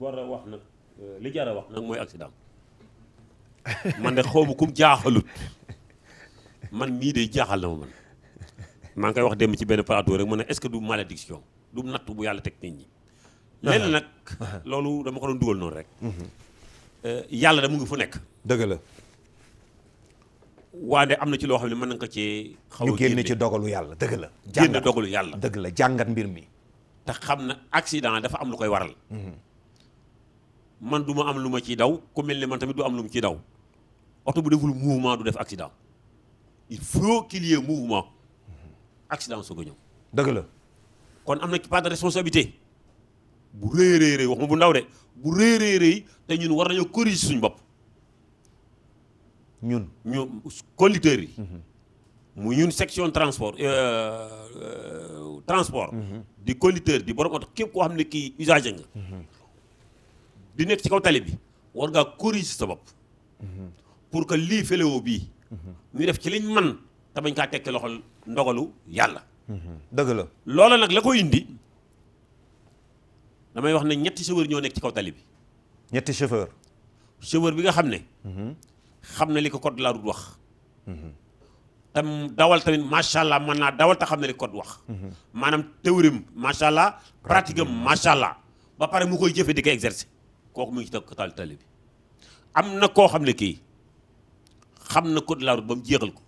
war a wax nag euh, li jar a wax nag mooy accident man de xaw ma kum jaaxalut man mii de jaaxal na ma man maa ngi koy wax dem ci benn plateau rek mu na est-ce que du malédiction du nattu bu yàlla teg nit lenn nag loolu dama ko doon dugal noonu rek. Mhm. Euh, yàlla da mu ngi fu nekk. dëgg la. waa de am na ci loo xam ne mën na ko cee. xaw a génn ci dogalu yàlla dëgg la. jàngat génn dogalu yàlla. dëgg la jàngat mbir mi. te xam na accident dafa am lu koy waral. Mhm. man du ma am lu ma ciy daw ku mel ne man tamit du am lu mu ciy daw oto bu deful mouvement du def accident il faut qu'il y ait mouvement accident soog ñëw. dëgg la kon am na part de responsabilité bu rëy rëy rëy wax ma bu ndaw de bu rëy rëy rëy te ñun war nañoo corriger suñu bopp. ñun ñu conducteurs yi. Mhm. mu ñun section transport euh, euh, transport. Mhm. di conducteur di borom oto képp koo xam ne kii usager nga. Mhm. di nekk ci kaw tali bi war ngaa corriger sa bopp pour que lii fléau bii ñu def ci liñ man te bañ kaa tekki loxol ndogalu yàlla dëgg la loola nag la ko indi damay wax ne ñetti chauffeur ñoo nekk ci kaw tali bi ñetti chauffeur chauffeur bi nga xam ne xam na li ko code de la wax tam dawal tamit macha allah mën naa dawal te xam ne li code wax maanaam théorie macha allah pratique am macha allah ba pare mu koy jëfe di ko exercer kooku mu ngi ci taal tali bi am na koo xam ne kii xam na code de la route ba mu jeexal ko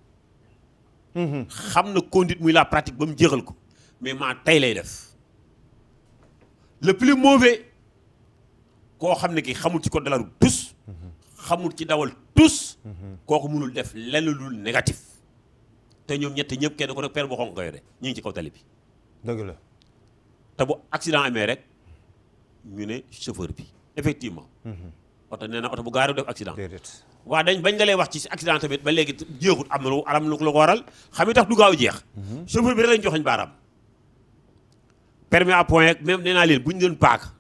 xam na conduite muy la pratique ba mu jeexal ko mais maa tey lay def le plus mauvais koo xam ne kii xamul ci code de la route tous xamul ci dawal tous kooku mënul def lenn lu négatif te ñoom ñett ñëpp kenn ko rek per bu xonk nga yore ñu ngi ci kaw tali bi dëgg la te bu accident amee rek ñu ne chauffeur bi effectivement. Mm-hmm. oto nee na oto bu gaaree def accident. waa dañ bañ la lay wax ci accident tamit ba léegi jeexut am na lu alam lu ko waral xam nga tax du gaaw jeex. Mm-hmm. chauffeur bi rek lañ joxoñ baaraam. permis à point ak même nee naa leen bu ñu doon paak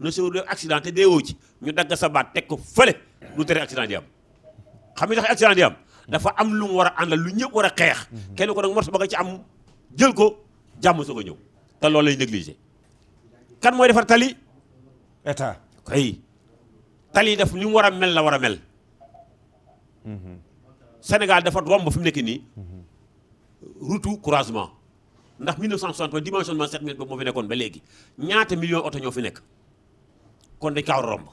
na chauffeur accident te ci ñu dagg sa baat teg ko fële du tere accident di am. xam nga tax accident di am mm-hmm. dafa am lu mu war a àndal lu ñëpp war a xeex. kenn ko nag morso ba nga ci am jël ko jàmm soog a ñëw te loolu lañ négligé. kan mooy defar tali kay tali def li war a mel la war a mel Sénégal dafa romb fi nekk nii route croisement ndax 1960 dimensionnement 7 mètres boobu moo fi nekkoon ba léegi ñaata million oto ñoo fi nekk kon dañ kaa war a romb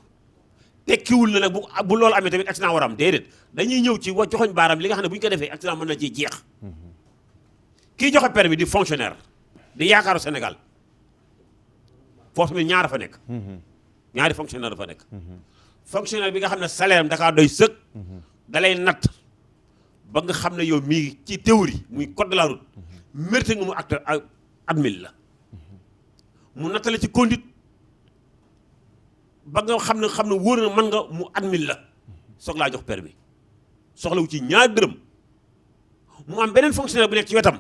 tekkiwul na nag bu bu loolu amee tamit accident war am déedéet dañuy ñëw ci wa joxoñ baaram li nga xam ne bu ñu ko defee accident mën na ci jeex kii joxe permis di fonctionnaire di yaakaaru Sénégal force mi ñaara fa nekk ñaari fonctionnaire dafa nekk. fonctionnaire bi nga xam ne salaire am dakaa doy sëg. da natt ba nga xam ne yow mii ci théorie muy code de nga mu acte admil la. mu nattale ci conduite ba nga xam ne xam ne wóor mën nga mu admil la soog laa jox permis soxlawu ci ñaari dërëm mu am beneen fonctionnaire bu nekk ci wetam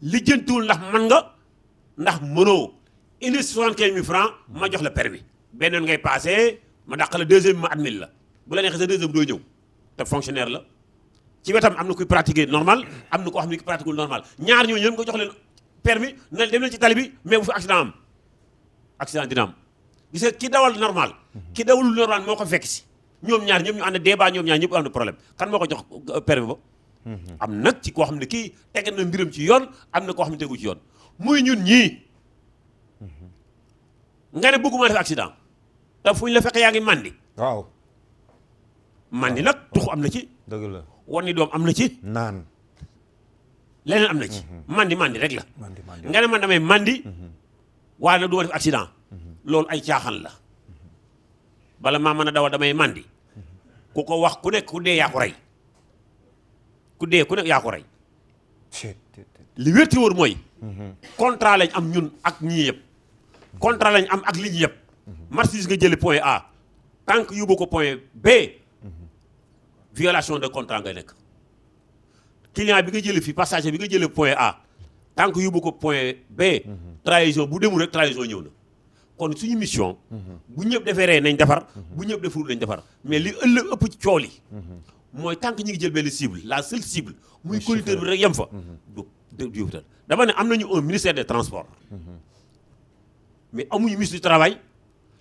lijjantiwul ndax mën nga ndax mënoo indi soixante-quinze mille francs ma jox la permis beneen ngay passé ma dàq la deuxième ma admil la bu la neexee sa deuxième doo ñëw te fonctionnaire la ci wetam am na kuy pratiquer normal am na koo xam ne kuy pratiquer normal ñaar ñooñu ñoom ko jox leen permis na dem leen ci tali bi mais bu fi accident nga dawal normal ki dawalul normal moo ko fekk si ñoom ñaar ñoom ñu ànd débat ñoom ñaar ñëpp am na problème kan moo ko jox euh, permis ba mm-hmm. am nag ci koo xam ne kii tege na ci yoon am na koo xam ne tegu ci yoon muy ñun ñii mm-hmm. nga ne bëgguma te fu ñu la fekk yaa ngi mandi waaw mandi nag tuxu am na ci dëgg la ni doom am na ci naan leneen am na ci mhm. mandi màndi rek la nga ne man damay mandi mhm. waaye nag du def accident mhm. loolu ay caaxaan la bala maa mën a dawal damay màndi ku ko wax ku nekk ku dee yaa ko rey ku dee ku nekk yaa ko rey li wérti wóor mooy contrat lañ am ñun ak ñii yëpp contrat lañ am ak li ñi yëpp Mhm. marchandise nga jël point A tank que ko point B violation de contrat nga nek client bi nga jël fi passager bi nga jël point A tank que ko point B mhm. trahison bu demou rek trahison ñëw na kon suñu mission mhm. bu ñëpp defee ree nañ défar bu ñëpp défur nañ défar mais li ëllëg ëpp ci cioli moy tank ñi que ngi jël benn cible la seule cible muy conducteur bi rek yam fa dama né am nañu un ministère des transports mais amuñu ministre du travail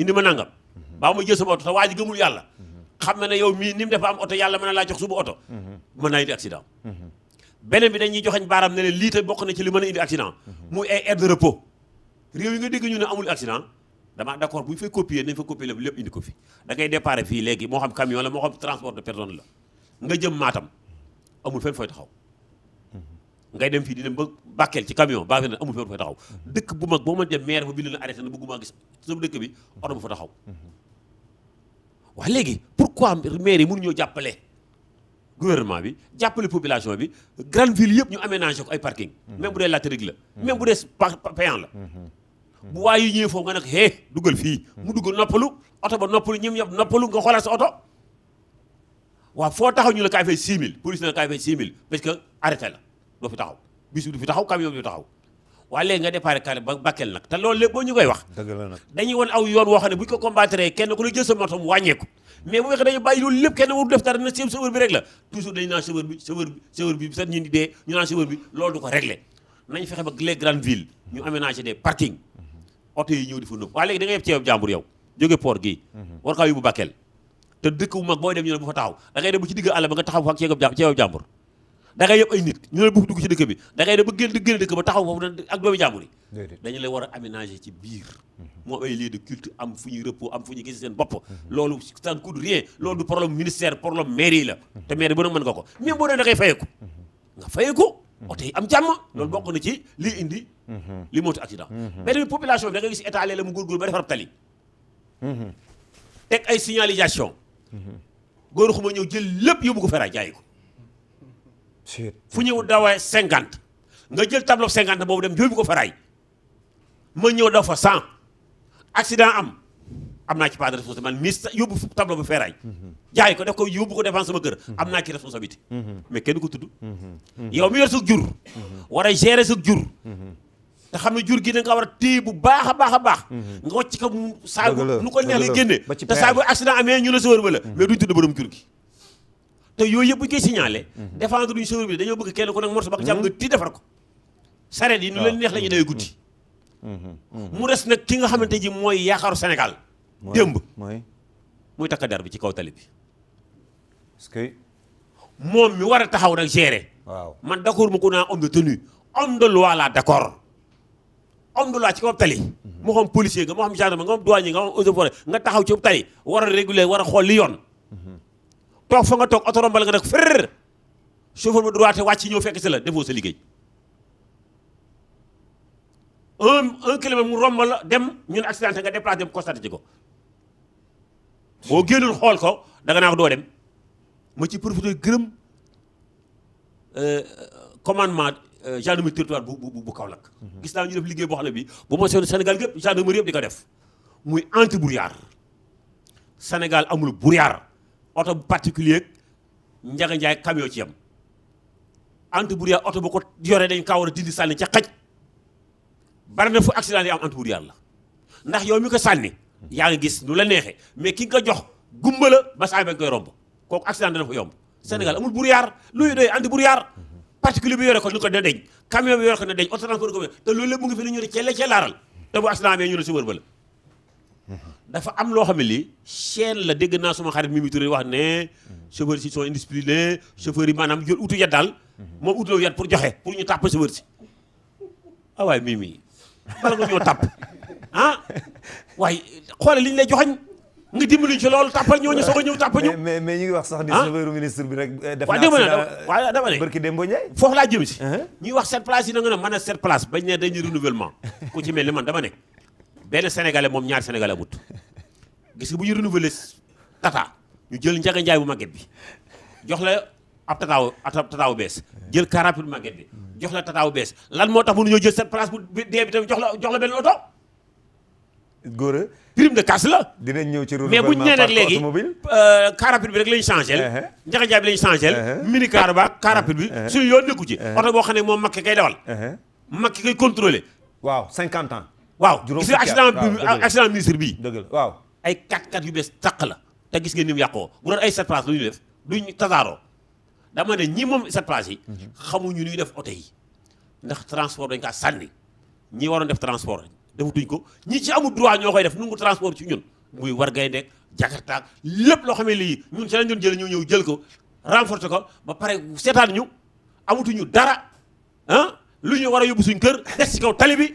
indi ma nangam baa ma jël sama oto te waa ji gëmul yàlla xam na ne yow mii ni mu dafa am oto yàlla mën a laa jox suba oto mën naa indi accident beneen bi dañuy joxañ baaram ne leen lii te bokk na ci li mën a indi accident muy ay aire de repos réew yi nga dégg ñu ne amul accident damaa d'accord bu ñu fay copier nañ fa copier lépp lépp indi ko fi da ngay déparé fii léegi moo xam camion la moo xam transport de personne la nga jëm maatam amul fenn fooy taxaw ngay dem fii di dem ba Bakel ci camion fi na amul fenn fa taxaw dëkk bu mag boo mën dem maire fa bind na arrêté na bëgguma gis sama dëkk bi oto bu fa taxaw waa léegi pourquoi maire yi mënuñoo jàppale gouvernement bi jàppale population bi grande ville yëpp ñu aménagé ko ay parking même bu dee latérite la même bu dee payant la bu waa yi ñëwee foofu nga nag hee dugal fii mu dugal noppalu oto ba noppalu ñim yëpp noppalu nga xoolaat sa oto waaw foo taxaw ñu la kaay fay 6000 police na la kaay fay 6000 parce que arrêté la doo fi taxaw bis bi du fi taxaw camion bi du taxaw waaye léegi nga déparé Kaolack ba Bakel nag te loolu lépp boo ñu koy wax dañuy won aw yoon woo ne bu ñu ko combattre kenn ku ne jël sa motom fekkee dañu bàyyi loolu lépp kenn waru dee ñu naan yi ñëw di fa nëpp waaye léegi da nga bu fa taxaw da ngay dem bu ci digg àll ba nga taxaw fa ak ceeb jàmbur da ngay yëpp ay nit ñu la bëgg dugg ci dëkk bi da ngay dem ba génn di dëkk ba taxaw foofu ak doomi jàmbur yi dañu lay war a aménager ci biir mhm. moo ay am fu ñuy repos am fu ñuy gis seen bopp mhm. loolu ça ne coûte rien loolu du problème ministère problème mairie la mhm. te mairie bu ne mën nga ko même boo dee da ngay fayeeku nga fayeeku oto yi am jàmm loolu bokk na ci lii indi li motu accident mais tamit population bi da ngay gis état léeg-léeg mu góorgóor ba defar tali teg ay signalisation góor xuma ñëw jël lépp yóbbu ko fera jaayi ko fu ñëw dawee cinquante nga jël tableau cinquante boobu dem yóbbu ko fa raay ma ñëw daw fa cent accident am am naa ci pas de responsabilité bu feeraay jaay ko def ko yóbbu ko défense sama naa ci responsabilité mais kenn ko tudd yow mi yor sa jur war a gérer sa jur te xam ne jur gi da nga war a téye baax a baax a baax nga wàcc ko saa nu ko neex génne te saa bu amee ñu la sa wër ba la mais duñ tudd borom jur gi te yooyu yëpp bu ñu koy signalé. défendre duñ chauffeur bi dañoo bëgg kenn ko nekk morso ba nga càmm nga defar ko. sareet yi nu leen neex la ñuy dawee guddi. mu res nag ki nga xamante ji mooy yaakaaru Sénégal. démb mooy muy takk der bi ci kaw tali bi. que. moom mi war a taxaw nag gérer. waaw man d'accord mu ko naa homme de tenue homme de loi la d'accord. homme de loi ci kaw tali. moo xam policier nga moo xam gendarme nga moo xam douanier nga moo xam eaux nga taxaw ci kaw tali war a réguler war a xool li yoon. toog fa nga toog oto rombal nga nag fërr chauffeur ba droite wàcc ñëw fekk si la defoo sa liggéey un un mu rombal dem ñu ne accidenté nga déplacé dem constaté ci ko boo génnul xool ko danga naa ko doo dem ma ci profité gërëm euh, commandement euh, gendarmerie territoire bu bu bu Kaolack. gis naa ñu def liggéey boo xam ne bii bu ma seetlu Sénégal gépp gendarmerie yëpp di ko def muy anti brouillard Sénégal amul brouillard. oto bu particulier njaga njaay camion ci yam ante bur yàlla oto bu ko yoree dañ kaa a dindi sànni ca xaj bari na fu accident yi am ante bur yàlla ndax yow mi ko sànni yaa ngi gis nu la neexee mais ki nga jox gumba la ba saa bañ koy romb kooku accident dana fa yomb Sénégal amul brouillard luy doy anti brouillard particulier bi yore ko ñu ko ne deñ camion bi yore ko ne deñ auto transport ko te loolu lépp mu ngi fi ne ñu ne celle cellaaral te bu accident amee ñu ne si wër ba la dafa am lo xam ne chaîne la dégg suma xarit Mimi Touré wax ne chauffeurs si sont indisciplinés chauffeurs yi jël pour pour joxé pour ñu chauffeur ah way Mimi nga ah, ñu tap ah way liñ lay joxagne nga dimbali ci ñu mais mais ñi wax sax ni ah? chauffeur ministre bi rek euh, def na dama ne barki Dembo ñay la jëm ci uh-huh. ñi wax cette place yi nga ne place bañ ne renouvellement ku ci man dama benn sénégalais moom ñaar sénégalais amut gis nga bu ñu renouveler tata ñu jël njaga njaay bu màgget bi jox la ab tataaw ab bees jël car bu màgget bi jox la tataaw bees lan moo tax mënuñoo jël cette place bu dee bi tamit jox la jox la benn oto. góor a prime de casse la. dinañ ñëw ci mais bu ñu nee nag léegi euh, car bi rek la ñu changé. Uh-huh. njaga njaay bi la ñu changé. Uh-huh. mini car ba car bi. Uh-huh. suñu yoon nekku ci. oto boo xam ne moom makki kay dawal. makki kay contrôlé. waaw 50 ans. waaw gis nga accident accident ministre bii dëgg la waaw ay kat-kat yu bees tàq la te gis ngeen ni mu yàqoo bu doon ay sept places lu ñu def duñ tasaaroo dama ne ñii moom sept places yi mhm. xamuñu ñuy def oto yi ndax transport dañ kaa sànni ñi waroon def transport defutuñ ko ñi ci amul droit ñoo koy def nu ngu transport ci ñun muy war gay nekk jakartaak lépp loo xam ne lii ñun ci lañ doon jël ñu ñëw jël ko renforcer ko ba pare seetaan ñu amatuñu dara ah, lu ñuy war a yóbbu suñ kër des ci bi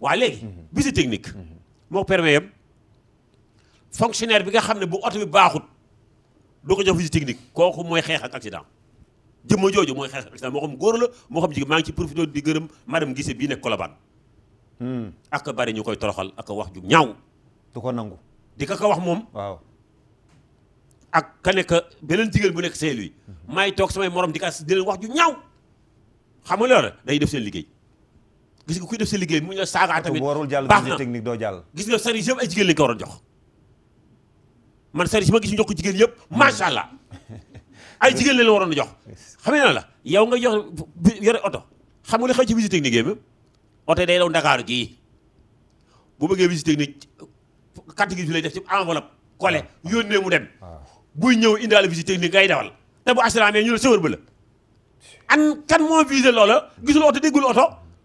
waa léegi visite technique moo permet yam fonctionnaire bi nga xam ne bu oto bi baaxut doo ko jox visite technique kooku mooy xeex ak accident jëmma jooju mooy xeex ak accident moo xam góor la moo xam jigéen maa ngi ci profité di gërëm madame Guissé bii nekk Colobane hmm. ak bari ñu koy toroxal ak wax ju ñaaw ko nangu di ka ko wax moom ak ka nekk beneen jigéen bu nekk Saint-Louis hmm. maay toog samay morom di ka di leen wax ju ñaaw xam nga day def seen liggéey gis nga kuy def sa liggéey mu ñu la saagaa tamit baax na technique doo jàll gis nga sari yëpp ay jigéen lañ ko war a jox man sari si ma gis ñu jigéen yëpp hmm. macha allah ay jigéen lañ waroon jox xam nga la yow nga jox yore oto xam nga li xew ci visite technique yi oto day daw ndakaaru gii bu bëggee visite technique carte gi lay def ci enveloppe collé ah. yónnee mu dem ah. buy ñëw indi indaale visite technique ngay dawal te bu assurance ñu la sëwër ba la an kan moo visé loola gisul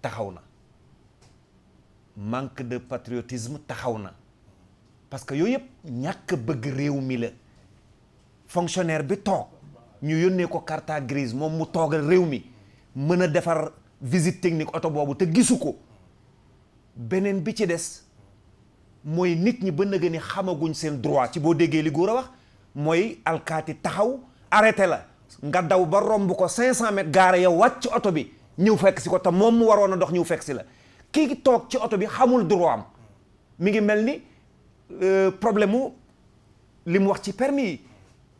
taxaw na manque de patriotisme taxaw na parce que yooyu yëpp ñàkk bëgg réew mi la fonctionnaire bi toog ñu yónnee ko carte grise moom mu toogal réew mi mën a defar visite technique oto boobu te gisu ko beneen bi ci des mooy nit ñi ba nëgë xamaguñ seen droit ci boo déggee li góor a wax mooy alkaati taxaw arrêté la nga daw ba romb ko 500 mètres gaare yow wàcc oto bi ñëw fekk si ko te moom mu waroon a dox ñëw fekk si la kii toog ci oto bi xamul droit am mi ngi mel ni euh, problème mu li mu wax ci permis yi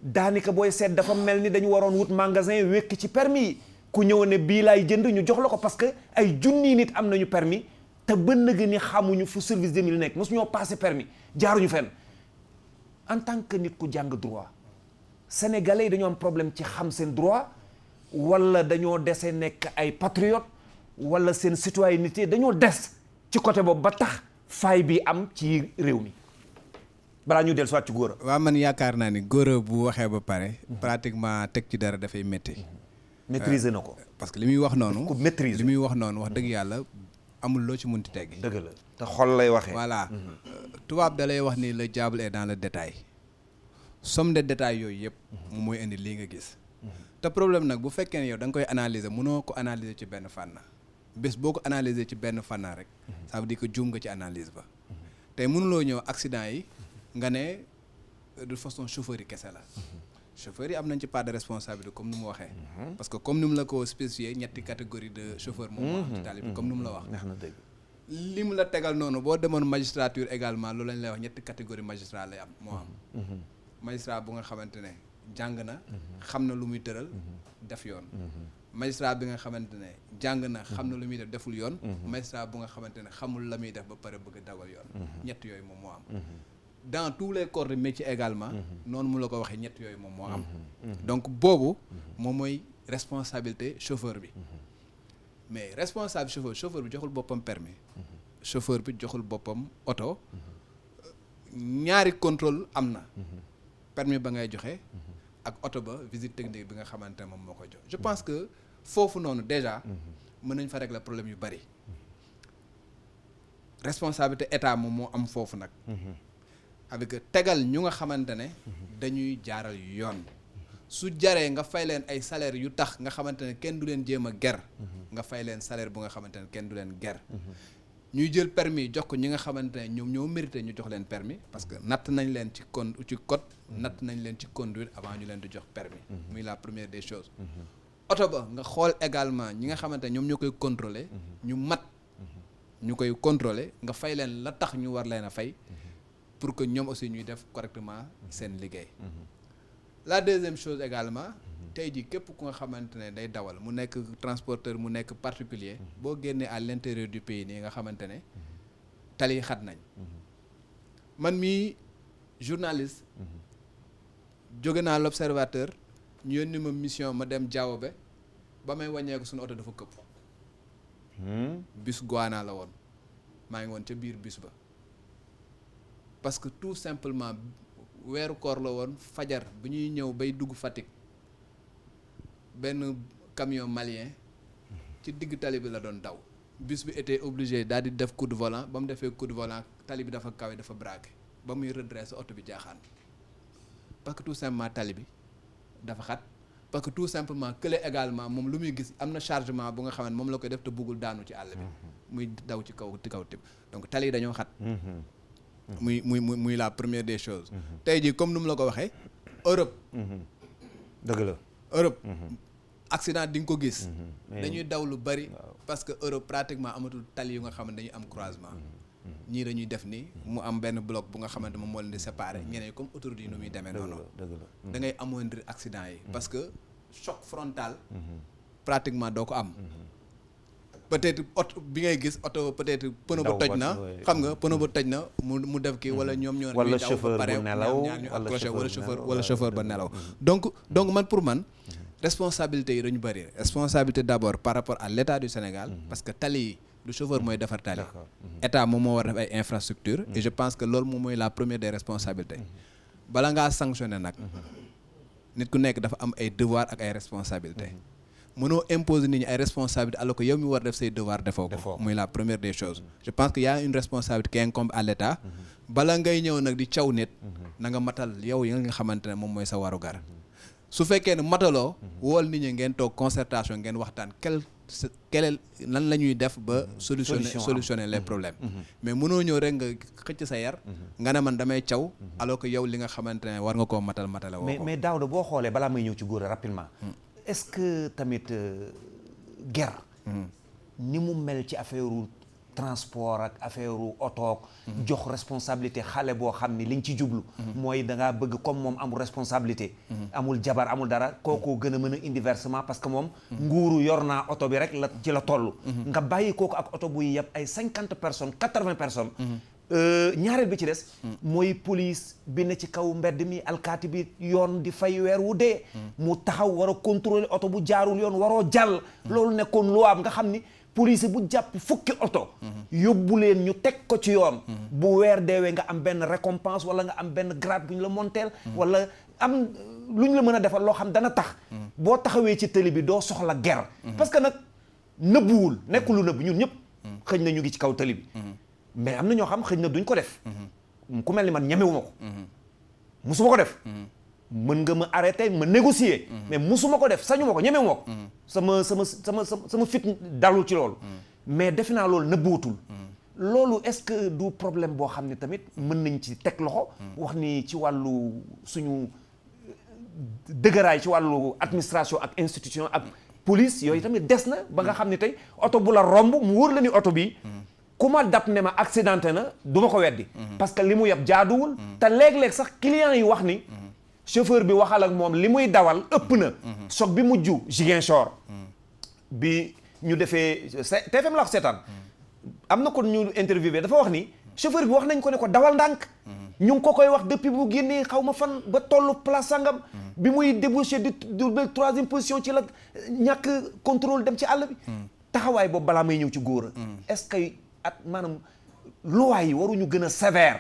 daanaka booy seet dafa mel ni dañu waroon wut magasin wekk ci permis yi ku ñëw ne bii laay jënd ñu jox la ko parce que ay junni nit am nañu permis te bën na ni xamuñu fu service des mille nekk mosu ñoo passé permis jaaruñu fenn en tant que nit ku jàng droit sénégalais yi dañu am problème ci xam seen droit. wala dañoo dese nekk ay patriote wala seen citoyenneté dañoo des ci côté boobu ba tax faay bi am ci réew mi balaa ñu dellu soit ci góor a man yaakaar naa ni góor bu waxee ba pare pratiquement teg ci dara dafay métti mm-hmm. maîtriser na ko euh, parce que li muy wax noonu ku maîtriser li muy wax noonu wax dëgg yàlla amul loo ci munti teggi dëgg la te xol lay waxee voilà mm-hmm. euh, tubaab da lay wax ni la diable est dans le détail somme de détail yooyu yëpp mm-hmm. mooy indi lii nga gis te problème nag bu fekkee ne yow da nga koy analyser mënoo ko analyser ci benn fànna bés boo ko analyser ci benn fànna rek ça veut ko que nga ci analyse ba tey mënuloo ñëw accident yi nga ne de façon chauffeur yi kese la chauffeur yi am nañ ci part de responsabilité comme ni mu waxee parce que comme ni mu la ko spécifié ñetti catégorie de chauffeur moom moo am ci tali comme ni mu la wax li mu la tegal noonu boo demoon magistrature également loolu lañ lay wax ñetti catégorie magistrat lay am moo am mhm. magistrat bu nga xamante ne jàng na mhm. xam na lu muy tëral mhm. def yoon mhm. magistrat bi nga xamante ne jàng na xam na lu muy def deful yoon magistrat bu nga xamante ne xamul la muy def ba pare bëgg dagal yoon ñett yooyu moom moo am dans tous les corps de également noonu mu la ko waxee ñett yooyu moom moo am donc boobu moom mooy responsabilité chauffeur bi mais responsable chauffeur chauffeur bi joxul boppam permis chauffeur bi joxul boppam oto ñaari contrôle am na permis ba ngay joxe ak oto ba visite technique bi nga xamante ne moom moo ko jox je pense que foofu noonu déjà mën nañ fa la problème yu bari responsabilité état moom moo am foofu nag avec tegal ñu nga xamante ne dañuy jaaral yoon su jaree nga fay leen ay salaire yu tax nga xamante ne kenn du leen jéem a ger nga fay leen salaire bu nga xamante ne kenn du leen ger ñuy jël permis jox ko ñi nga xamante ne ñoom ñoo mérité ñu jox leen permis parce que natt nañ leen ci con ci code natt nañ leen ci conduire avant ñu leen di jox permis mhm. muy la première des choses mhm. oto ba nga xool également ñi nga xamante ne ñoom ñoo koy contrôler mhm. ñu mat ñu koy contrôler nga fay leen la tax ñu war leen a fay pour que ñoom aussi ñuy def correctement seen liggéey la deuxième chose également tey jii képp ku nga day dawal mu nek transporteur mu nek particulier mhm. bo génnee à l'intérieur du pays ni nga xamante tali xat nañ mhm. man mi journaliste mhm. jogé na l'observateur ñu yónni ma mission ma dem jawobé ba may wagné ko sun auto dafa këpp hmm? bis Guana la won ma ngi won ca bir bis ba parce que tout simplement wéru koor la woon fajar bu ñuy ñëw bay dugg Fatick ben camion malien ci digg talibi la don daw bus bi était obligé daal di def coup de volant bam defé coup de volant talibi dafa kawé dafa braqué ba muy redressé oto bi jaxane parce que tout simplement talibi dafa xat parce que tout simplement que kële également mom lu muy gis amna chargement bu nga xam mom la koy def te bugul daanu ci all bi muy daw ci kaw ci kaw tib donc talibi yi dañoo xat muy muy muy la première des choses mhm. tey jii comme nu la ko waxé Europe mhm. deug la Europe mhm. accident di nga ko gis. Mhm. dañuy daw lu bari. parce que Europe pratiquement amatul tali yu nga xam ne dañuy am croisement. Mhm. Mhm. ñii ñuy def nii mu am benn bloc bu nga xamante moom moo leen di séparer ñeneen comme autoroute yi nu muy demee noonu. da ngay amoindrir accident yi. parce que choc frontal. pratiquement doo ko am. peut-être oto bi ngay gis oto peut-être pneu ba toj nga pneu ba toj na mu mu def kii wala ñoom ñoo wala chauffeur ba nelaw wala chauffeur wala chauffeur ba nelaw donc donc man pour man responsabilité yi dañu bari responsabilité d'abord par rapport à l'État du Sénégal mhm. parce que tali yi du chauffeur moy defar tali mhm. état mom mo war def ay infrastructure mhm. et je pense que loolu mom moy la première des responsabilités bala nga sanctionner nak nit ku nek dafa am ay devoir ak ay responsabilités mënoo imposer nit ñi ay responsabilités alors que yow mi war def ses devoirs defoko moy la première des choses je pense que y a une responsabilité qui incombe à l'État. état bala ngay ñew nak di caw nit na nga matal yow yi nga xamante ne moom mooy sa warugar su fekkee ne mataloo wool nit ñi ngeen toog concertation ngeen waxtaan quel quel lan la ñuy def ba mhm. solutionner solutionner les mhm. problèmes mhm. mais mënoo ñëw rek nga xëcc sa yar nga ne man damay caw alors que yow li nga xamante ne war nga koo matal matale woo mais Daouda boo xoolee balaa may ñëw ci góor rapidement hmm. est-ce que tamit euh, guerre hmm. ni mu mel ci affaire transport ak affaire otoog mhm. jox responsabilité xalé bo xamni liñ ci jublu moy mhm. da nga bëgg comme mom amul responsabilité mhm. amul jabar amul dara koko gëna mëna indi versement parce que moom nguuru yor naa bi rek la ci la toll nga bayyi koko ak auto bu yeb ay 50 personnes 80 personnes personnes euh, ñaareel bi ci des mooy police bi ne ci kaw mbedd mi alkati bi yoon di fay weer wu dee mu taxaw waro contrôler bu jaarul yoon nga police bu jàpp fukki oto. yóbbu leen ñu teg ko ci yoon. bu weer deewee nga am benn récompense wala nga am benn grade bu ñu la monteel. wala am lu ñu la mën a defal loo xam dana tax. boo taxawee ci télé bi doo soxla ger. parce que nag nëbbuwul nekkul lu nëbb ñun ñëpp. xëñ na ñu ngi ci kaw télé bi. mais am na ñoo xam xëñ na duñ ko def. ku mel ni man ñemewuma ko. Mm-hmm. musuma ko def. Mm-hmm. mën nga ma arrêté ma négocier. Mm-hmm. mais mosuma ko def sañu ma ko ñeme ma ko. Mm-hmm. sama sama sama sama fit dalul ci loolu. Mm-hmm. mais defe naa loolu nëbbuutul. loolu est-ce que du problème boo xam ne tamit mën nañ ci teg loxo. wax ni ci wàllu suñu euh, dëgëraay ci wàllu administration ak institution ak police yooyu tamit des na ba nga xam ne tey oto bu la romb mu wóor la ni oto bi ku ma dab ne ma accidenté na du ma ko weddi. parce que li mu yab jaaduwul. te léeg-léeg sax client yi wax ni. chauffeur bi waxal ak moom li muy dawal ëpp na. Mhm. soog bi mujj Ziguinchor. Mhm. bi ñu defee TFM la ko seetaan. Mhm. am na kon ñu interviewé dafa wax nii chauffeur bi wax nañ ko ne ko dawal ndànk. ñu ngi ko koy wax depuis bu génnee xaw ma fan ba tollu place sangam. bi muy débouché du du troisième position ci la ñàkk contrôle dem ci àll bi. taxawaay boobu balaa may ñëw ci góor est-ce que at maanaam loi yi waruñu gën a sévère.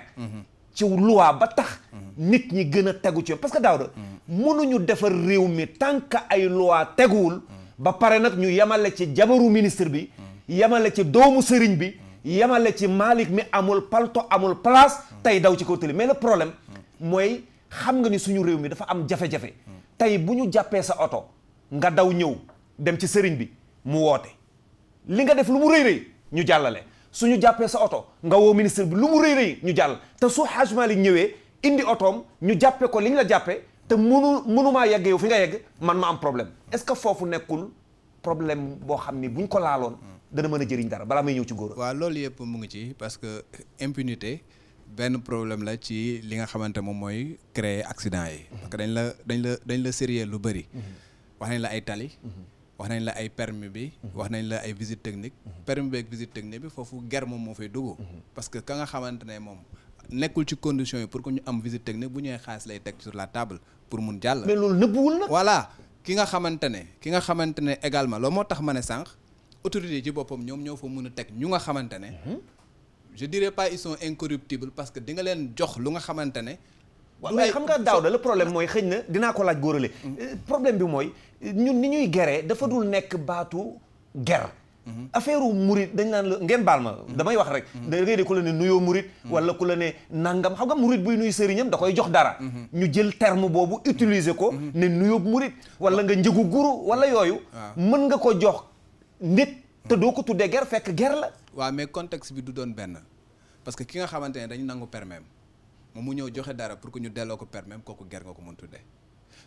ci loi ba tax nit ñi gën a tegu ci yoon parce que daaw da mënuñu defar réew mi tant que ay loi teguwul ba pare nag ñu yemale ci jabaru ministre bi yemale ci doomu sëriñ bi yemale ci Malick mi amul palto amul place tey daw ci kaw tëli mais le problème mooy xam nga ni suñu réew mi dafa am jafe-jafe tey bu ñu jàppee sa oto nga daw ñëw dem ci sëriñ bi mu woote li nga def lu mu rëy rëy ñu jàllale suñu jappé sa auto nga wo ministre bi lu mu rëy rëy ñu jall te su hajj Malick ñëwé indi autom ñu jappé ko liñ la jappé te mënu mënuma yegg yow fi nga yegg man ma am problème est-ce que fofu nekkul problème bo xamni buñ ko laalon dana mën a jëriñ dara bala may ñëw ci goor wa lool yépp mu ngi ci parce que impunité ben problème la ci li nga xamanté mom moy créer accident yi parce que dañ la dañ la dañ la sérieux lu bari mhm. wax nañ la ay tali mhm. wax nañ la ay permis bi wax nañ la ay visite technique mhm. permis bi ak visite technique bi foofu ger moom moo fay dugg mhm. parce que ka nga xamante ne moom nekkul ci condition yi pour que ñu am visite technique bu ñëwee xaalis lay teg sur la table pour mun jàll mais loolu nëbbuwul na voilà ki nga xamante ne ki nga xamante ne également loolu moo tax ma ne sànq autorités ci boppam ñoom ñoo fa mun a teg ñu nga xamante ne mhm. je dirais pas ils sont incorruptibles parce que di nga leen jox lu nga xamante ne waaw mais xam nga daaw da le problème mooy xëñ na dinaa ko laaj góorale mm. euh, problème bi mooy ñun ni ñuy geree dafa dul nekk baatu ger affaire u murit dañ naan la ngeen baal ma damay wax rek mm-hmm. da ngay de ku la ne nuyoo murit mm-hmm. wala ku la ne nangam xam nga murit buy nuyu sëriñam da koy jox dara mm-hmm. ñu jël terme boobu utiliser ko ne nuyoo murit wala nga njëgu guru wala yooyu mën nga ko jox nit te doo ko tuddee ger fekk ger la waaw mais contexte bi du doon benn parce que ki nga xamante ne dañu nangu permeem moom mu ñëw joxe dara pour que ñu delloo ko permeem kooku ger nga ko mën tuddee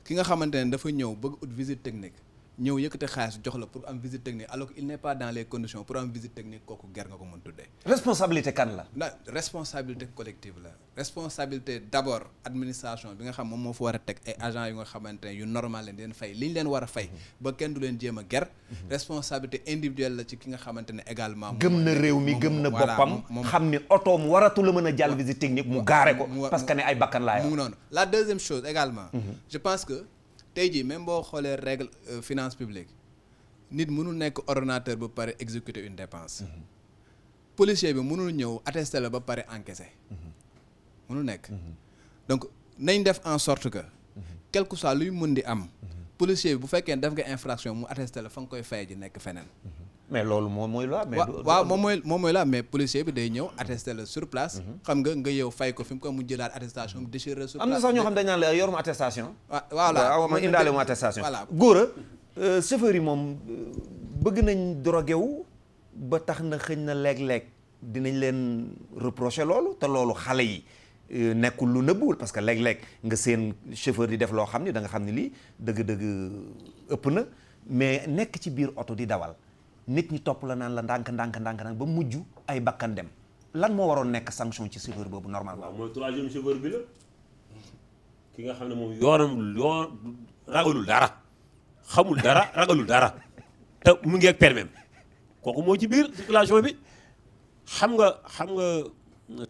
ki nga xamante ne dafa ñëw bëgg ut visite technique ñëw yëkkate xaalis jox la pour am visite technique alors qu'il n'est pas dans les conditions pour am visite technique kooku ger nga ko mën tuddee. responsabilité kan la. la responsabilité collective la responsabilité d'abord administration bi nga xam moom moo fa war a teg ay agents yu nga xamante ne yu normal leen leen fay li ñu leen war a fay ba kenn du leen jéem a ger. responsabilité individuelle la ci ki nga xamante ne également. gëm na réew mi gëm na boppam xam ni otoom waratu la mën a jàll visite technique mu gaare ko. parce que ne ay bakkan laa yor mu noonu la deuxième chose également. Mhm. je pense que tey même boo xoolee règle euh, finance publique nit mënul nekk ordinateur ba pare exécuter une dépense. Mhm. policier bi mënul ñëw attester la ba pare encaissé. Mhm. mënul nekk. Mhm. donc nañ def en sorte que. quel que soit luy mën di am. policier bi bu fekkee def nga infraction mu attester la fa nga koy fay ji nekk feneen mais loolu mom moy loi mais wa mom moy mom moy la mais policier bi day ñew attester le sur place mhm. xam nga nga yow fay ko fim ko mu jëlat attestation déchirer sur place am na sax ñoo xam dañ naan la yor ma attestation voilà ma indalé ma attestation voilà góor a euh, chauffeur yi mom euh, bëgg nañ drogué wu ba tax na xëñ na léeg-léeg dinañ leen reprocher loolu te loolu xalé yi euh, nekkul lu neubul parce que léeg-léeg nga seen chauffeur di def lo xamni da nga xamni li lii dëgg ëpp na mais nekk ci biir auto di dawal nit ñi top la naan la ndank ndank ndank nag ba ay bakkan dem lan mo waron nek sanction ci bobu normal normalement. moy 3e serveur bi la ki nga xamne mom yoonam ragalul dara xamul dara ragalul dara te mu ngi ak permem koku mo ci bir circulation bi xam nga xam nga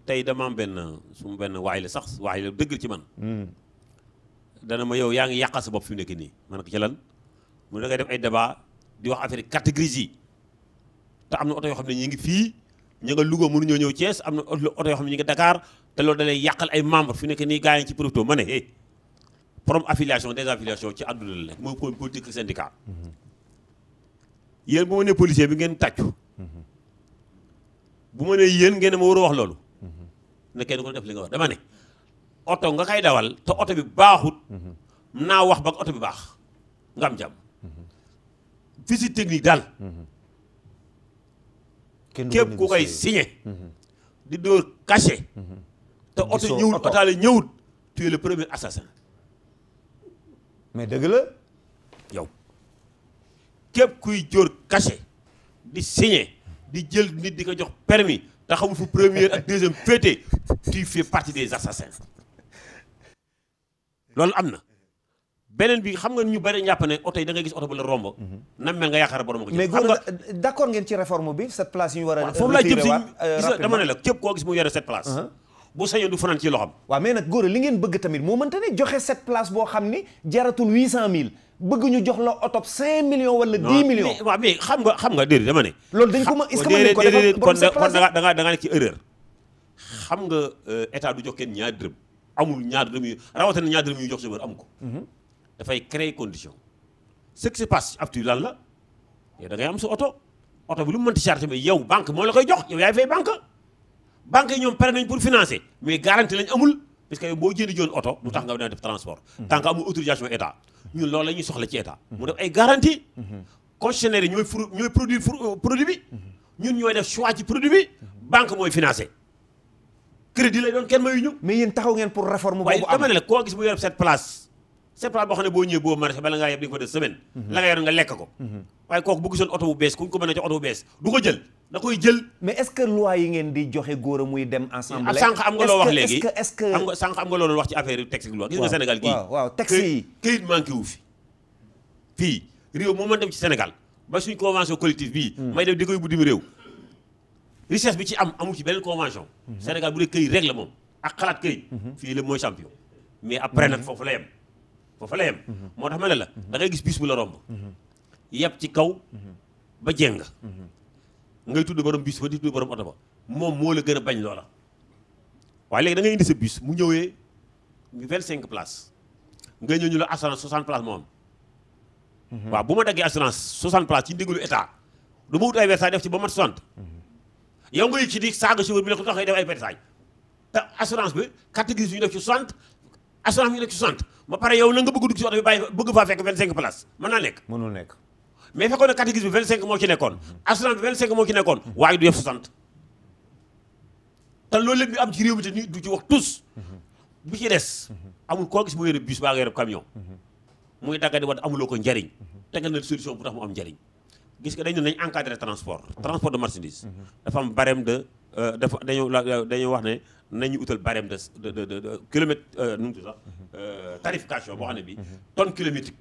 tay dama am benn sumu benn waay la sax waay deugul ci man. Hmm. dana ma yow yaangi fi nek ni man ko ci lan mu da ngay def ay débat di wax affaire catégorie te am na oto yoo xam ne ñu ngi fii ñu nga Louga mënuñoo ñëw Thiès am na oto yoo xam ne ñu ngi Dakar te loolu da lay yàqal ay membre fi nekk nii gars yi ci profito ma ne eh problème affiliation désaffiliation ci àdduna la nekk mooy problème politique syndicat yéen bu ma bi ngeen tàccu bu ma nee yéen ngeen war a wax loolu ne kenn ko def li nga wax dama ne oto nga kay dawal te oto bi baaxut naa wax ba oto bi baax nga am jàmm visite technique daal képp ku koy signé mm-hmm. di dóor cachet mm-hmm. te oto ñëwul otaale ñëwut tu es le assassin mais dëgg la yow képp kuy jóor cachet di signé di jël nit di ko jox permis te xamul fu première ak deuxième féete tu fais partie des assassins loolu am na beneen bi xam nga ñu bari jàpp oto yi da ngay gis oto bu la romb mhm. nam mel nga yaakaar borom ko mais d'accord ngeen ci réforme bi cette place yu ñu war a foofu laa jëm si euh, gis ne la képp koo gis mu yore cette place uh-huh. li ngeen bëgg tamit moo mënta ne joxe cette place boo xam ni jaratul huit cent mille bëgg ñu jox la oto cinq millions wala dix millions waaw mais xam nga xam nga déedéet dama ne loolu dañ ko ma est-ce que mën ko kon da nga nekk ci erreur xam nga euh, état du jox kenn ñaar amul ñaar dërëm yu rawatina jox chauffeur am ko mhm. dafay créer condition ce qui se passe lan la yow da am sa oto oto bi lu mu mënti chargé mais yow banque moo la koy jox yow yaay fay banque banque yi ñoom pare nañ pour financer mais garantie lañ amul parce que yow boo jënd joon oto mu tax nga daan def transport mm-hmm. tant que amul autorisation état ñun loolu la ñuy soxla ci état mu def ay garantie mm-hmm. concessionnaire yi ñooy fur ñooy produit euh, produit bi mm-hmm. ñun ñooy def choix ci produit bi banque mooy financé crédit lay doon kenn mayuñu mais yéen taxaw ngeen pour septembre boo xam ne boo ñëwee boo marché bala ngaa yeb di nga fa def semaine mhm. la nga yoroon nga lekk ko mhm. waaye kooku bu gisoon oto bu bees kuñ ko mën a jox oto bu bees du ko jël da koy jël mais est-ce yi ngeen di joxe góor muy dem ensemble ah, sànq am nga loo wax léegi est-ce que am nga am nga loolu wax ci affaire taxi loi gis nga Sénégal gii waaw yi këyit manqué wu fi fii réew moo ma dem ci Sénégal ba suñ convention collective bii mhm. may def di koy buddim réew richesse bi ci am amul ci beneen convention Sénégal bu dee rek la moom ak fii la mooy champion mais après nag foofu la yem ba la yem moo tax ma ne la da ngay gis bis bu la romb yàpp ci kaw ba jeng ngay tudd borom bis ba di tudd borom oto ba moom moo la gën a bañ loola waaye léegi da ngay indi sa bis mu ñëwee vingt cinq places nga ñëw ñu la assurance soixante places moo am bu ma daggee assurance soixante places ci ndigalu état du ma wut ay versaay def ci ba mat soixante yow nga yëg ci di saaga chauffeur bi la ko taxee def ay versaay te assurance bi catégorie suñu def ci assurance mi ngi nekk 60 ba pare yow na nga bëgg dugg ci oto bi bàyyi bëgg faa fekk 25 place mën naa nekk mënul nekk mais fekkoon ne catégorie bi 25 moo ci nekkoon assurance bi 25 moo ci nekkoon waaye du def 60 te loolu lépp bi am ci réew mi te ni du ci wax tous bu ci des amul koo gis mu yore bus baa nga yore camion muy daggadi wat amuloo ko njariñ tegal na solution bu tax mu am njariñ gis nga dañ ne nañ encadré transport transport de marchandise dafa am barème de euh, dafa dañu dañoo ne nañu utal barème de de de de kilomètre euh, nu mu tudd euh, boo xam ne bi ton kilométrique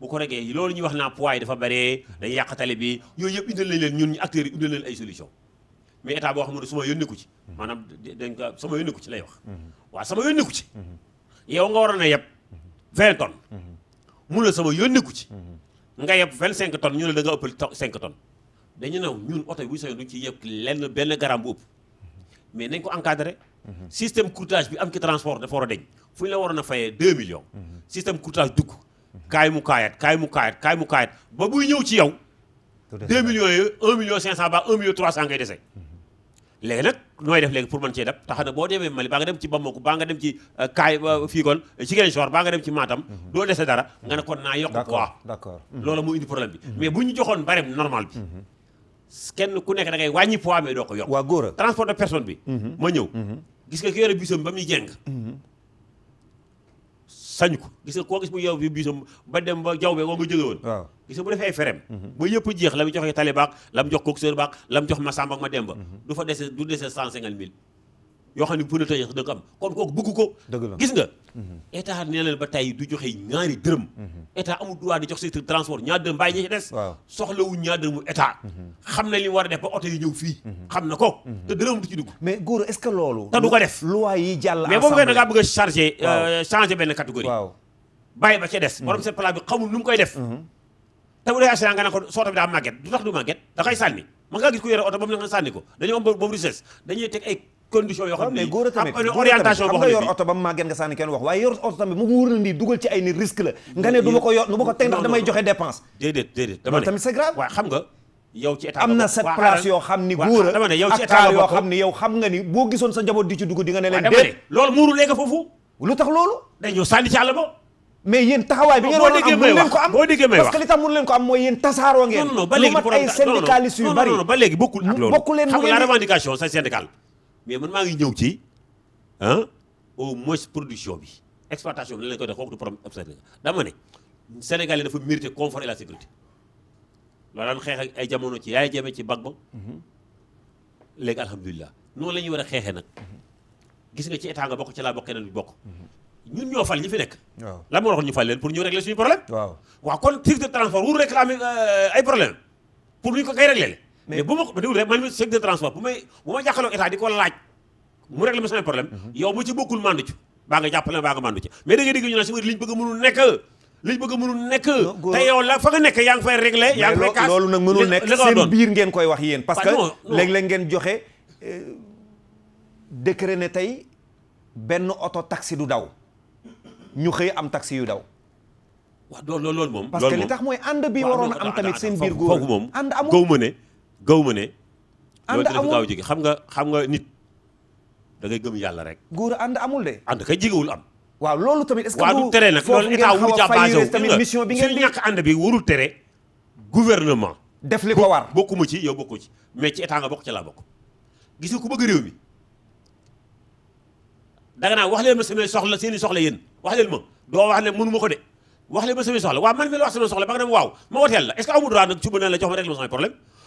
bu ko regee loolu ñuy wax naa poids yi dafa bare dañuy yàq tali bi yooyu yëpp indil nañ leen ñun ñu acteurs yi indil leen ay solution mais état boo xam ne su ma ci maanaam dañ ko sama yónneeku ci lay wax waaw sama yónneeku ci yow nga waroon a yeb vingt tonnes mu ne sama yónneeku ci nga yeb vingt cinq tonnes ñu ne da nga ëppal cinq tonnes dañu naw ñun oto yi bu ñu sañoon duñ ci yeb lenn benn gramme bu ëpp mais nañ ko encadré. système courtage bi am ci transport dafa war a deñ fu ñu la waroon a fayee 2 millions. système courtage dugg. kaay mu kaayat kaay mu kaayat kaay mu kaayat ba buy ñëw ci yow. 2 millions yooyu 1 million 500 ba 1 million 300 ngay dese. léegi nag nooy def léegi pour mën cee dab tax na boo demee Mali baa nga dem ci Bamako baa nga dem ci euh, kaay euh, fii kon Ziguinchor baa nga dem ci Matam. Mhm. doo dese dara nga ne kon naa yokk quoi. d'accord loolu moo indi mhm. bu ñu joxoon barème normal bi. Mhm. kenn ku nekk da ngay wàññi poids mais doo ko yokk. waa góor a transport de personne bi. Mhm. ma ñëw. Mhm. gis nga ki yore bisam ba muy jeng. Mhm. sañ ko gis nga koo gis mu yow bi bisam ba dem ba jaww bee woo nga jóge woon. gis nga bu defee ay ferem. ba yëpp jeex la mu joxe tali baak la mu jox coxeur baak la mu jox ma sàmba ak ma dem ba. du fa dese du dese cent cinquante mille. yo xamni bu la tey da nga am kon kooku bëgg ko gis nga mhm. état nee leen ba tay du joxe ñaari deureum mhm. état amu droit di jox ci transport ñaar deureum bay ñi ci dess soxla wu ñaar deureum état mhm. xam na li war def ba auto yi ñew fi xam na ko te deureum du ci dugg mais goor est-ce que lolu ta du ko def loi yi jall mais boobu nga da ngaa bëgg charger euh, changer ben benn catégorie bay ba ci dess borom ce plan bi xamul num koy def te bu dee nga ne ko soo bi da maget du tax du maget da koy sànni ma nga gis ku yere auto bam la nga sanni ko dañu am boobu richesse dañuy tek ay condition yoo xam ne xam ne yor oto ba mu màggeen nga sànni kenn wax waaye yor oto tamit mu wóor na nii dugal ci ay ni risque la nga ne du ma ko yor ndax damay joxe dépense loolu mais yéen taxawaay bi ngeen waroon am mënu leen ko leen ko am mooy yéen tasaaroo ngeen ba léegi bokkul loolu mais man maa ngi ñëw ci ah au moins production bi exploitation bi la lañ koy def kooku du problème observé dama ne Sénégal yi dafa mérité confort et la sécurité loolu daan ak ay jamono ci yaay jame ci bag ba mhm. léegi alhamdulilah la ñuy war a xeexee nag mhm. gis nga ci état nga bokk ci laa bokk keneen bi bokk mhm. ñun ñoo fal ñi fi nekk waaw la moo waxoon ñu fal leen pour ñu régler suñu problème waaw waaw kon titre de transport wu réclamer euh, ay problème pour ñu ko kay régler mais bu ma déglu rek di ko laaj mu réglé ma sama problème mhm. yow mu ci bokkul màndu ci baa nga jàppale baa nga màndu ci mais da ngay dégg ñu naan si liñ bëgg mënul nekk liñ bëgg mënul nekk te yow la fa nga nekk yaa ngi fay réglé yaa ngi fay kaas loolu nag mënul nekk seen biir ngeen koy wax yéen parce que léeg ngeen joxe euh, décret ne tey benn oto taxi du daw ñu xëy am taxi yu daw waaw loolu moom parce que li mooy ànd bi waroon a am tamit seen biir góor foofu ma ne gaw ma ne. ànd amul gaaw jege xam nga xam nga nit da ngay gëm yàlla rek. góor a ànd amul de. ànd kay jegewul am. waaw loolu tamit est-ce que waaw du tere nag loolu état wuru ca basé wu tamit mission bi ngeen di ñàkk ànd bi warul tere gouvernement. def li ko war bokkuma ci yow bokku ci mais ci état nga bokk ci laa bokk. gis nga ku bëgg réew mi danga naa wax leen ma samay soxla seeni soxla yéen wax leen ma doo wax ne mënu ma ko de wax leen ma samay soxla waaw man mi la wax sama soxla ba nga dem waaw ma woteel la est-ce que amu droit nag suba na la jox ma rek sama problème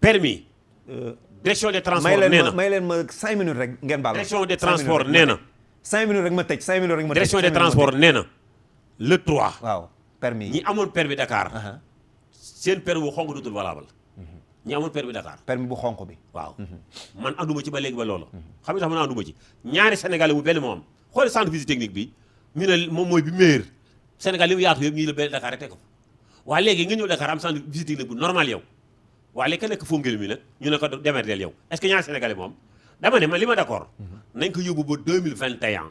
permis direction des transports nee na may leen ma cinq minutes rek ngeen baal direction des transports nee na cinq rek ma tëj cinq minutes rek ma tëj direction des transports nee na le 3 waaw permis ñi amoon permis Dakar seen permis bu xonk dootul valable mhm. ñi amoon permis Dakar permis bu xonk bi waaw mhm. man anduma ci ba léegi ba loolu mhm. xam nga tax man anduma ci ñaari sénégalais bu benn moo am xooli centre technique bi ñu ne moom mooy bi meilleur Sénégal li mu yaatu yëpp ñu la benn Dakar rek teg ko waaye léegi nga ñëw Dakar am centre visite technique bu normal yow waaye léegi ka nekk Founguel mi nag ñu ne ko demeeteel yow est-ce que ñaari sénégalais moom dama ne man li ma d'accord mhm. nañ ko yóbbu ba 2021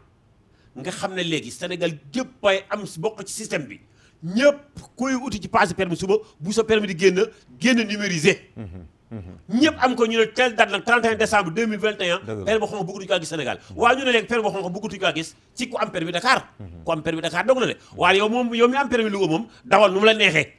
nga xam ne léegi Sénégal gépp ay am bokk ci système bi ñëpp koy uti ci passé permis suba bu sa permis génn génn numérisé mhm. mhm. ñëpp am ko ñu ne tel date nag 31 décembre 2021 permis boo xam nga bëggatuñu ko gis Sénégal waaye ñu ne léegi permis boo xam nga bëggatuñu ko gis ci ku am permis Dakar neexee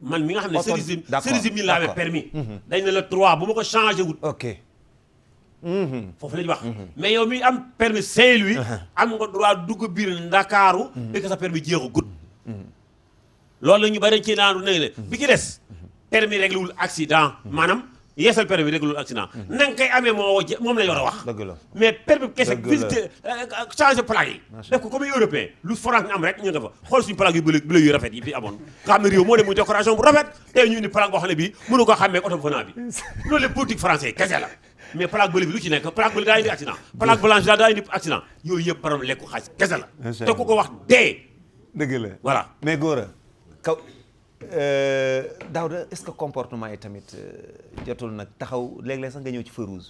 man mi nga xam ne Serigne Serigne mi laa amee permis mhm. dañ ne la trois bu ma ko changé wut. ok. Mhm. foofu la ñuy wax. Mhm. mais mi am permis Saint-Louis. am nga droit dugg biir Ndakaaru. et que sa permis jeexagut. loolu la ñu bari ci naanu ne bi ki des. permis réglé wul accident maanaam. yeesal permis bi réglul accident mhm. na nga moom la war wax mais permis kese euh, changer plaque yi ko comme européen lu France nga am rek ñu nga fa xool suñu plaque yu bële yu rafet yi fi amoon nga xam ne moo ne muy décoration bu rafet tey ñu ni plaque boo xam ne bii mënu ko xàmmee oto fanaa bi loolu lépp politique français kese la mais plaque bële bi lu ci nekk plaque bële daa indi accident plaque blanche la daa indi accident yooyu yëpp borom lekku xaalis kese la te ku ko wax dee Euh, Daouda est-ce que comportement yi tamit euh, jotul nag taxaw léeg-léeg sax nga ñëw ci feu rouge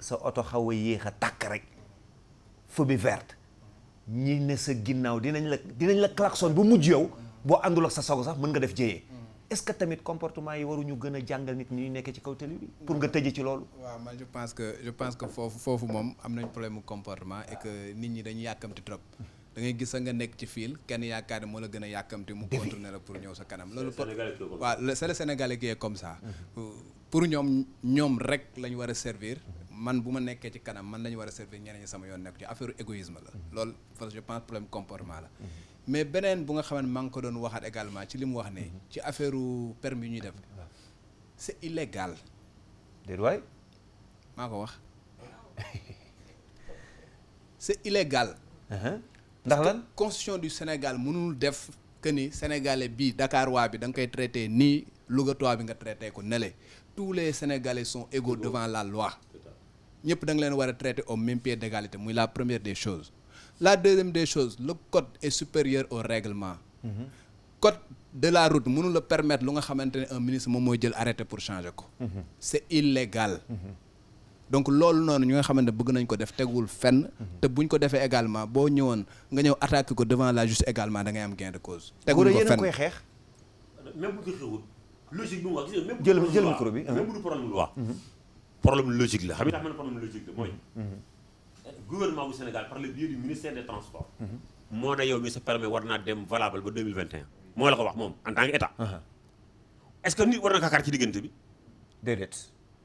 sa oto xaw a yéex a tàkk rek feu bi verte ñi ne sa ginnaaw dinañ la dinañ la klaxon bu mujj yow boo àndul sa sogo sax mën nga def jéyee mm. est-ce que tamit comportement yi waruñu gën a jàngal nit ñi nekkee ci kaw tali pour nga tëj ci loolu waaw man je pense que je pense que foofu foofu moom am nañ problème comportement et que nit ñi dañu yàkkamti trop dangay gis nga nekk ci fiil kenn yaakaar ne moo la gën a yàkkamti mu contourné la pour ñëw sa kanam loolu waaw c'est le Sénégalais qui est comme sa mhm. pour ñoom ñoom rek lañ war a servir man bu ma nekkee ci kanam man lañu war a servir ñeneen ñi sama yoon nekk ci affaire égoïsme la mhm. loolu je pense problème comportement la mhm. mais beneen bu nga xamante maa ngi ko doon waxaat également ci li mu wax ne ci affaire permis yu ñuy def c'est illégal déet waay maa ko wax c'est illégal uh-huh. La constitution du Sénégal mënul def que ni sénégalais bi, Dakar bi ni Louga bi nga tous les sénégalais sont égaux devant la loi ñëpp dang être leen wara au même pied d'égalité c'est la première des choses la deuxième des choses le code est supérieur au règlement mhm. code de la route mënul le permettre lu nga xamantene un ministre moom moy arrêté pour changer mhm. c'est illégal mhm donc loolu noonu ñu nga xamantene bëgg nañ ko def tegul fenn mhm. té buñ ko défé également bo ñëwon nga ñëw attaqué ko devant la justice également da ngay am gain de cause tegul ko fenn koy xeex même bu ko xewul logique bi mu wax jël jël micro bi même bu uh-huh. problème loi mhm. problème logique la xamit nga tax problème logique la mhm. gouvernement bu Sénégal par le biais du ministère des transports mo na yow mi se permis warna dem valable ba 2021 mo la ko wax mom en tant que état uh-huh. est-ce que nit warna ka kaakaar ci diggante bi déedéet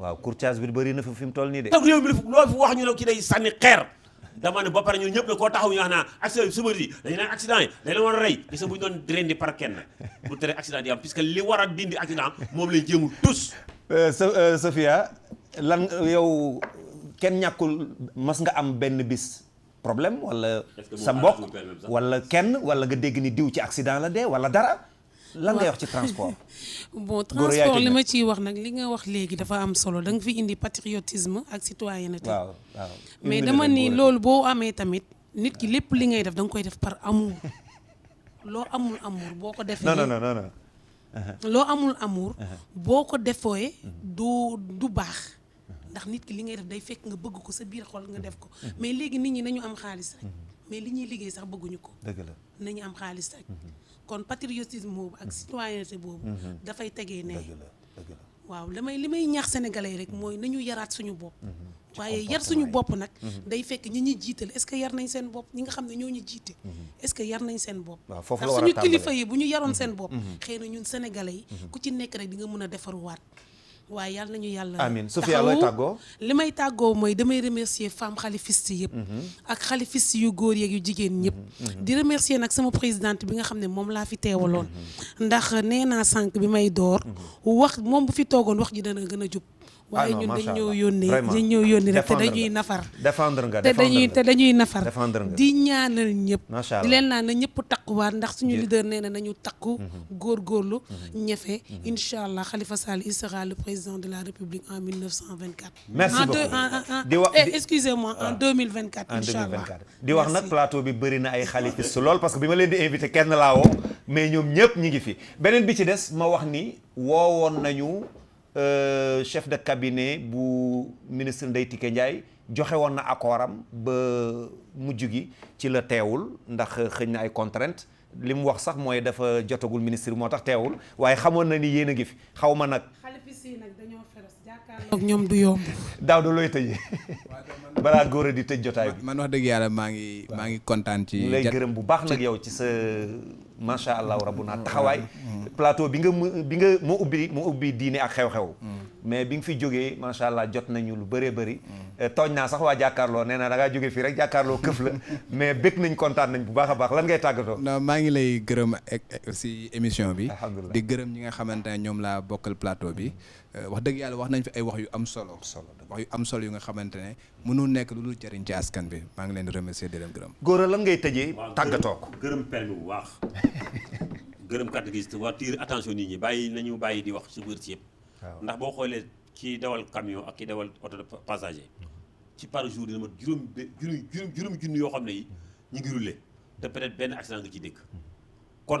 waaw courtage bi bëri na fi fi mu toll nii de. réew mi loo fi wax ñu ne ki day sànni xeer dama ne ba pare ñun ñëpp ne koo taxaw ñu wax naa accident yi suba di dañu naan accident yi dañ la war a rey gis nga bu ñu doon rendi par kenn bu tere accident di am puisque li war a dindi accident moom lañ jéemu tous. Euh, euh, Sofia lan yow kenn ñàkkul mas nga am benn bis problème wala sa mbokk wala kenn wala nga dégg ni diw ci accident la dee wala dara lan nga wax ci transport. bon transport li ma ciy wax nag li nga wax léegi dafa am solo danga fi indi patriotisme ak citoyenneté waaw waaw mais dama nii loolu boo amee tamit nit ki lépp li ngay def danga koy def par amour loo amul amour boo ko defee. non uh-huh. loo amul amour. Uh-huh. boo ko defooyee uh-huh. du du baax. ndax nit ki li ngay def day fekk nga bëgg ko sa biir xol nga def ko mais léegi nit ñi nañu am xaalis rek mais li ñuy liggéey sax bëgguñu ko. dëgg nañu am xaalis rek. kon patriotisme boobu ak citoyenneté boobu mhm. Mhm. dafay tegee ne waaw li may li may ñaax sénégalais rek mooy nañu yaraat suñu bopp mhm. waaye yar suñu bopp nag day fekk ñi ñuy jiital est-ce que yar nañ seen bopp ñi nga xam ne ñoo ñu jiite est-ce que yar nañ seen bopp ndax suñu kilifa yi bu ñu yaroon seen bopp xëy na ñun sénégalais yi ku ci nekk rek di nga mën a defaruwaat waaye yàlla nañu yàlla amiin Sophia looy tàggoo li may tàggoo mooy damay remercier femme xalifiste yëpp mhm. ak xalifiste yu góor yeeg yu jigéen ñëpp mhm. Mhm. di remercier nag sama présidente bi nga xam ne moom laa fi teewaloon ndax nee naa sànq bi may door wax moom bu fi toogoon wax ji dana gën a jub waaye ah ñun dañ ñoo yónnee dañ ñoo yónnee te dañuy nafar défendre nga te dañuy te dañuy nafar di ñaanal ñëpp di leen naan na ñëpp takkuwaat ndax suñu leader nee nañu takku mhm. góorgóorlu mhm. ñefe mhm. incha allah Khalifa Sall il sera le président de la République en 1924 merci beaucoup eh, di excusez-moi en 2024 ah. incha allah di wax nag plateau bi bëri na ay xalifis lool parce que bi ma leen di inviter kenn laa woo mais ñoom ñëpp ñi ngi fi beneen bi ci des ma wax ni woowoon nañu Euh, chef de cabinet bu ministre Ndeye Tické Ndiaye joxe woon na accord ba mujj gi ci la teewul ndax xëñ na ay contraintes li mu wax sax mooy dafa jotagul ministre moo tax teewul waaye xamoon na ni yéen a ngi fi xaw ma nag. ñoom du yomb. daaw da looy tëjee balaa góor a di tëj jotaay bi. man wax dëgg yàlla maa ngi maa ngi kontaan ci. lay gërëm bu baax nag yow ci sa. macha allah rabbuna mm. taxawaay. Mm. plateau bi nga bi nga moo ubbi mu ubbi diine ak xew-xew. Mm. mais bi nga fi jógee macha allah jot nañu lu bëree bëri. Euh, tooñ naa sax waa jàkkaarloo nee na da ngaa fii rek jàkkaarloo këf la mais bëgg nañ kontaan nañ bu baax a baax lan ngay tàggatoo. non maa ngi lay gërëm e, e, si émission bi. di gërëm ñi nga xamante ne ñoom laa bokkal plateau bi. Euh, wax dëgg yàlla wax nañ fi ay wax yu am solo. wax yu am solo yu nga xamante ne mënul nekk lu dul jëriñ ci askan bi maa ngi leen di remercier di leen gërëm. góor la ngay tëjee. tàggatoo ko gërëm permi bu waax gërëm catéchiste waa tiir attention nit ñi bàyyi nañu bàyyi di wax si wër si yëpp. ndax boo xoolee ci dawal camion ak ki dawal oto de passager. Mhm. ci par jour dina mat juróom juróom juróom junni yoo xam ne yi ñu ngi rulle te peut-être benn accident nga ci dégg mhm. kon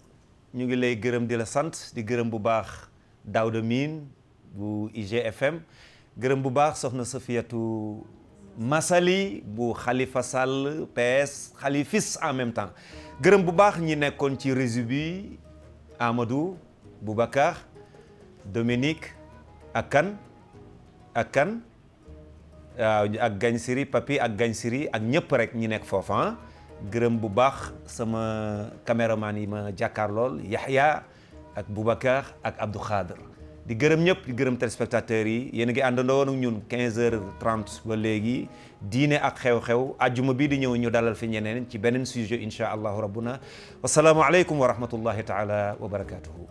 ñu ngi lay gërëm di la sant di gërëm bu baax Daouda Mine bu IGFM gërëm bu baax soxna Safiatou Massali bu Khalifa Sall PS Khalifis en même temps gërëm bu baax ñi nekkoon ci réseau bi Amadou Boubacar Dominique ak kan ak kan waaw ak Gagne Papi ak Gagne Siri ak ñëpp rek ñi nekk foofa ah. gërëm bu baax sama caméraman yi ma jàkkaar lool Yahya ak Boubacar ak Abdou Khader di gërëm ñëpp di gërëm téléspectateurs yi yéen a ngi àndandoo ak ñun 15h30 ba léegi diine ak xew-xew ajjuma bi di ñëw ñu dalal fi ñeneen ci beneen sujet incha allahu rabbuna wasalaamualeykum wa rahmatullahi taala wa barakatuhu